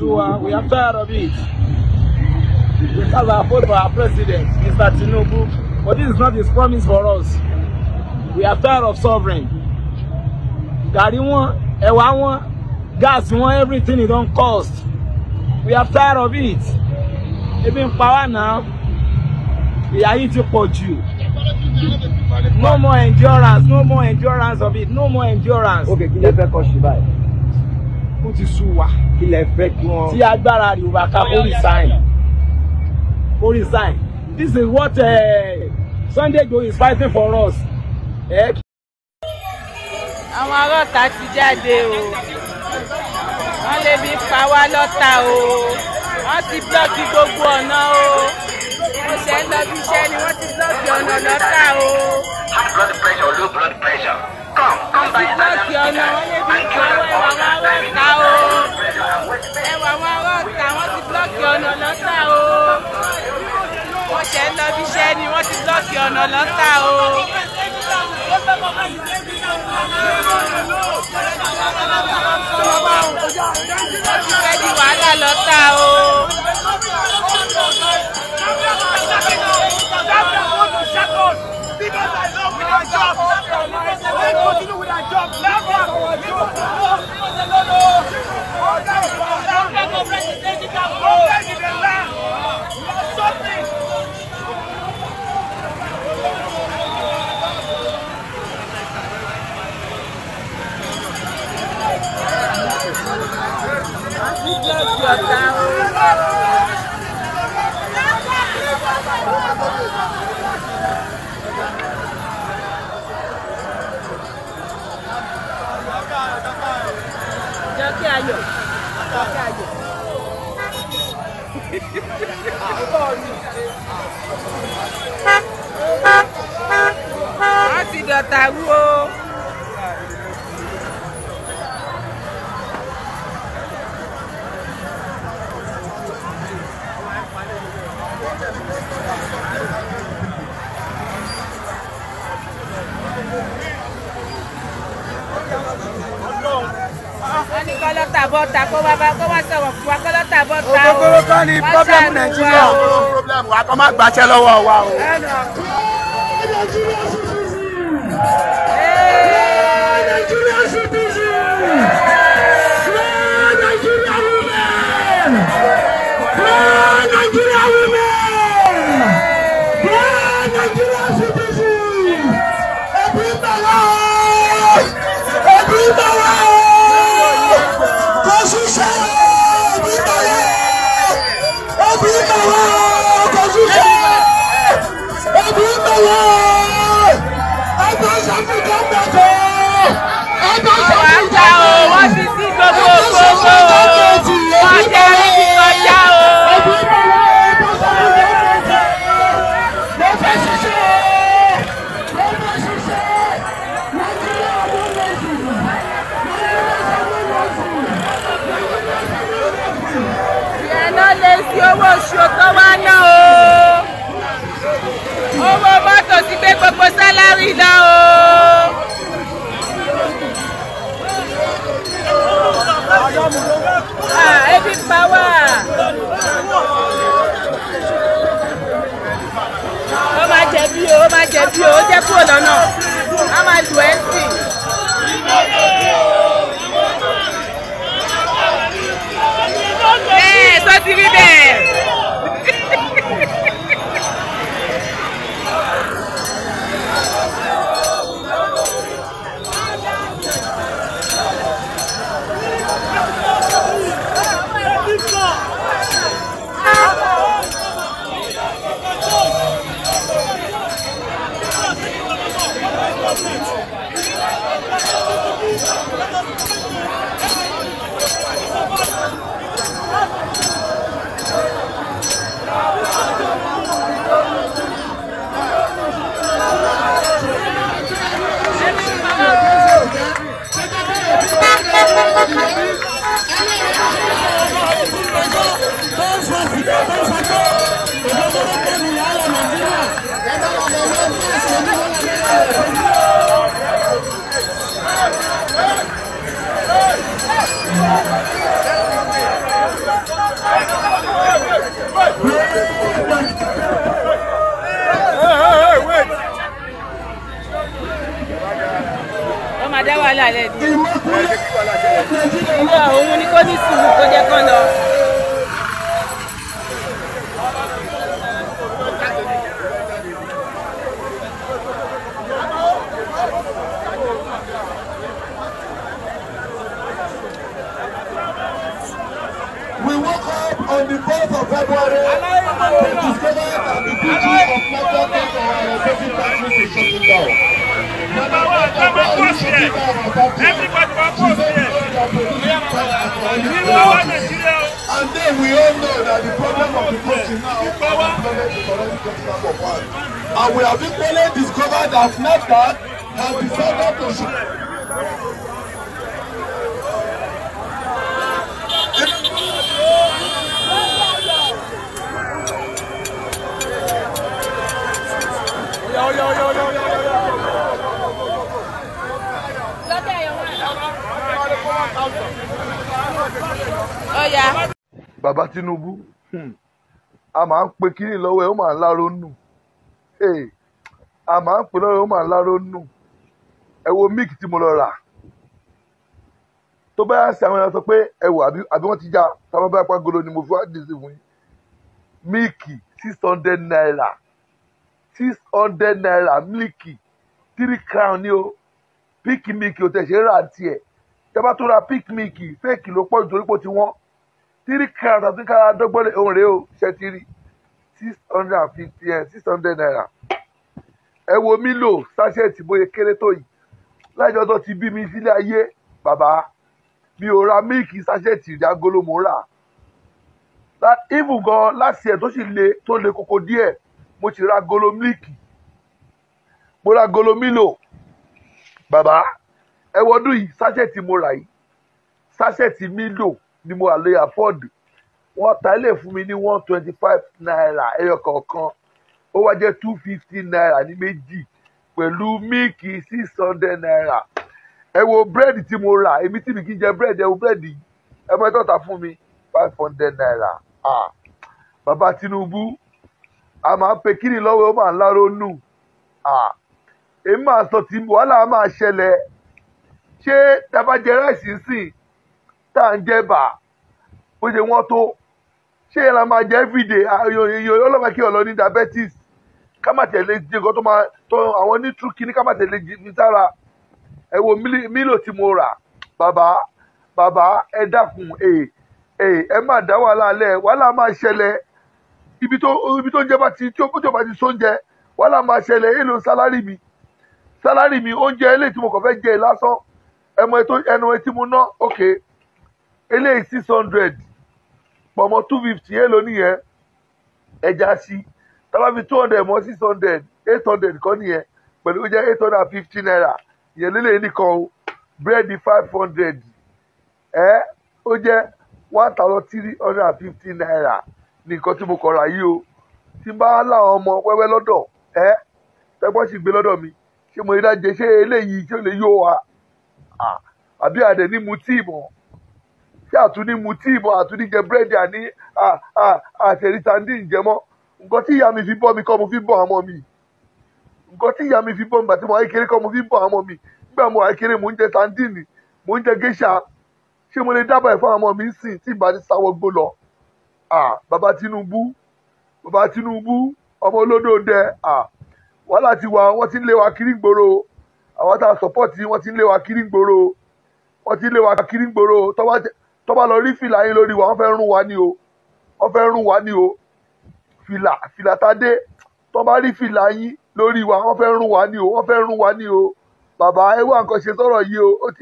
to, uh, we are tired of it. That's our fault for our president, Mr. Tinubu. But this is not his promise for us. We are tired of sovereign. Gari wọn, ẹ̀wà wọn, gas wọn, everything it don't cost. We are tired of it. Even power now. we are ti pọ̀ jù. No more endurance, no more endurance of it, no more endurance. Okay, give me fẹ́ kọ́ ṣì báyìí ó ti sú wa. ilẹ̀ fẹ́ kí wọ́n. tí agbára rẹ̀ wà ká kó resign kó resign this is what uh, Sunday Igboho is fighting for us. Eh, àwọn ọlọ́ta ti jáde o wọ́n lè fi pa wá lọ́ta o wọ́n ti blọ́ọ̀kì gbogbo ọ̀nà o mo ṣe ń lọ bí iṣẹ́ ni wọ́n ti blọ́ọ̀kì ọ̀nà lọ́ta o. high blood pressure low blood pressure come come by the time and cure the problem. ọ̀nà lọ́tà o. ó ti fẹ́ di wàhálà lọ́tà o. ọ̀kẹ́ ayọ̀ a ti dọ̀tà wú bọ́ta bọ́ta kó wá kó wá sọ̀rọ̀ fún wa kó lọ́ta bọ́ta o. ògógóró kan ní pọ́blẹ́mù nàìjíríà pọ́blẹ́mù wa kó má gbàṣẹ́ lọ́wọ́ wa o. Nigeria citizen! Nigeria woman! Nigeria woman! fi owó oṣù tó wá ná o owó mọ́tò ti gbé gbogbo sálárì lọ o. ó máa jẹ̀bi o ó máa jẹ̀bi o ó jẹ́ kúrò lọ́nà á máa lù ẹ́ sí i. pessoas se ó máa dá wàhálà lẹ̀ dùn. ìwọ òun ni kò ní sùúrù kó jẹ́ kán lọ. on the 4th of February and discovered that the teaching of Michael Kessler and Joseph Patrick is number one number post here everybody wan post here you know what Nigeria o. and then we all know that the problem of the country now is unemployment economic crisis of one and we have equally discovered that NAFDAC has decided to show. yo, yo, yo. bàbá Tinubu a máa ń pe kínní lọ́wọ́ ẹ̀ ó máa ń láró nù a máa ń pe lọ́wọ́ ẹ̀ ó máa ń láró nù ẹ wo míìkì tí mo lọ rà tó bá sí àwọn èèyàn sọ pé ẹ wò àbí wọ́n ti já táwọn bá pa golo ni mo fi wá dì sí fún yín míìkì six hundred naira six hundred naira míìkì three crown ni o píìkì míìkì ò tẹ̀ ṣe rà tiẹ̀ tẹ́bá tó ra pick milk fake ló pọ̀ jù torí pò tí wọ́n tírí kàrà tàbí kára dọ́gbọ́n lè ohun rèé o ṣe ti rí six hundred and fifty eh, six hundred naira ẹ wo mílò sáṣẹ́ẹ̀tì bóyá kéré tó yìí láìjọ́ tó ti bí mi sílé ayé bàbá mi ò ra mílìkì sáṣẹ́ẹ̀tì ìdágolo mò ń rà even gan láti ẹ̀ tó sì le tó le koko díẹ̀ mo ti ra golo mílìkì mo ra golo mílò bàbá ẹ wọdún yìí sáṣẹ̀tì mo rà yìí sáṣẹ̀tì mílò ni mo àlè àfọ́ọ̀dù wọ́n ta ilé fún mi ní one twenty five naira ẹyọ kọ̀ọ̀kan ó wá jẹ́ two fifty naira ní méjì pẹ̀lú míìkì six hundred naira ẹ wo búrẹ́dì tí mo rà èmi tí mi kì í jẹ búrẹ́dì ẹ wo búrẹ́dì ẹ mọ ẹtọ́ta fún mi five hundred naira ah bàbá Tinubu a máa ń pe kíni lọ́wọ́ ó máa ń láró nù ah èmi máa sọ tí wàhálà máa ṣẹlẹ̀ ṣé tàbá jẹ ráìsì sìn tá à ń jẹ bà bó ṣe wọ́n tó ṣé yẹn la máa jẹ everyday ọlọ́mọ kí ọ̀lọ́ ní diabetes ká má tẹ̀lé jẹ nǹkan tó máa tó àwọn ní true kí ní ká má tẹ̀lé jẹ mi sára ẹ wo mílò tí mo rà bàbá bàbá ẹ dákun ẹ ẹ ẹ má dá wàhálà lẹ wàhálà máa ṣẹlẹ̀ ibi tó ibi tó ń jẹ bá ti tí ó bá ti sóúnjẹ wàhálà máa ṣẹlẹ̀ èlò sálárì mi sálárì mi oúnjẹ eléyìí tí mo kàn fẹ́ jẹ lásán ẹmọ ètò ẹnu etí mu ná ok eléyìí six hundred pọ̀mọ́ two fifty èèlò nìyẹn ẹja sí tábà fi two hundred mọ́ six hundred eight hundred kọ́ nìyẹn pẹ̀lú ó jẹ́ eight hundred and fifty naira ìyẹn lélẹ̀ nìkan o búrẹ́dì five hundred ẹ ó jẹ́ one thousand three hundred and fifty naira ní nǹkan tí mo kọ̀ ra yìí o tí n bá láwọn ọmọ wẹ́wẹ́ lọ́dọ̀ ẹ tẹ́gbọ́n sì gbé lọ́dọ̀ mi ṣé mo rí dájẹ́ ṣé eléyìí ṣé ó lè yó wa àbí àdẹ ní mu tíì mọ́ tí àtún ní mu tíì mọ́ àtún ní jẹ búrẹ́dì àní àtẹ̀rí sàndí ìjẹmọ́ nǹkan tí ìyá mi fi bọ́ mi kọ́ mo fi bọ́ ọmọ mi nǹkan tí ìyá mi fi bọ́ mi bàtí mo wáyé kéré kọ́ mo fi bọ́ ọmọ mi nígbà mo wáyé kéré mo ń jẹ sàndí ni mo ń jẹ géṣà ṣé mo lè dábàá ìfọ àwọn ọmọ mi ń sìn tí ìbá ti sáwọ gbó lọ bàbá Tinubu bàbá Tinubu ọmọ olódò wàhálà ti wà wọn ti ń lé wa kiri gbòòrò àwọn tá a support yìí wọ́n ti ń lé wa kiri gbòòrò wọ́n ti ń lé wa kiri gbòòrò tó lọ rí fìlà yín lórí wa wọ́n fẹ́ rún wa ni o wọ́n fẹ́ rún wa ni o fìlà fìlà tá a dé tó rí fìlà yín lórí wa wọ́n fẹ́ rún wa ni o wọ́n fẹ́ rún wa ni o bàbá ẹ wá ṣe sọ̀rọ̀ yìí o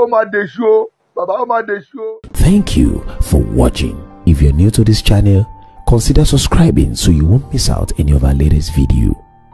ó máa dèṣu o bàbá ó máa dèṣu o. Thank you for watching. If you're new to this channel, consider subscribing so you won't miss out any of our latest videos.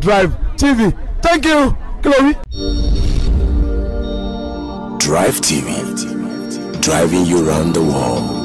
Drive TV. Thank you, Chloe. Drive TV. Driving you around the world.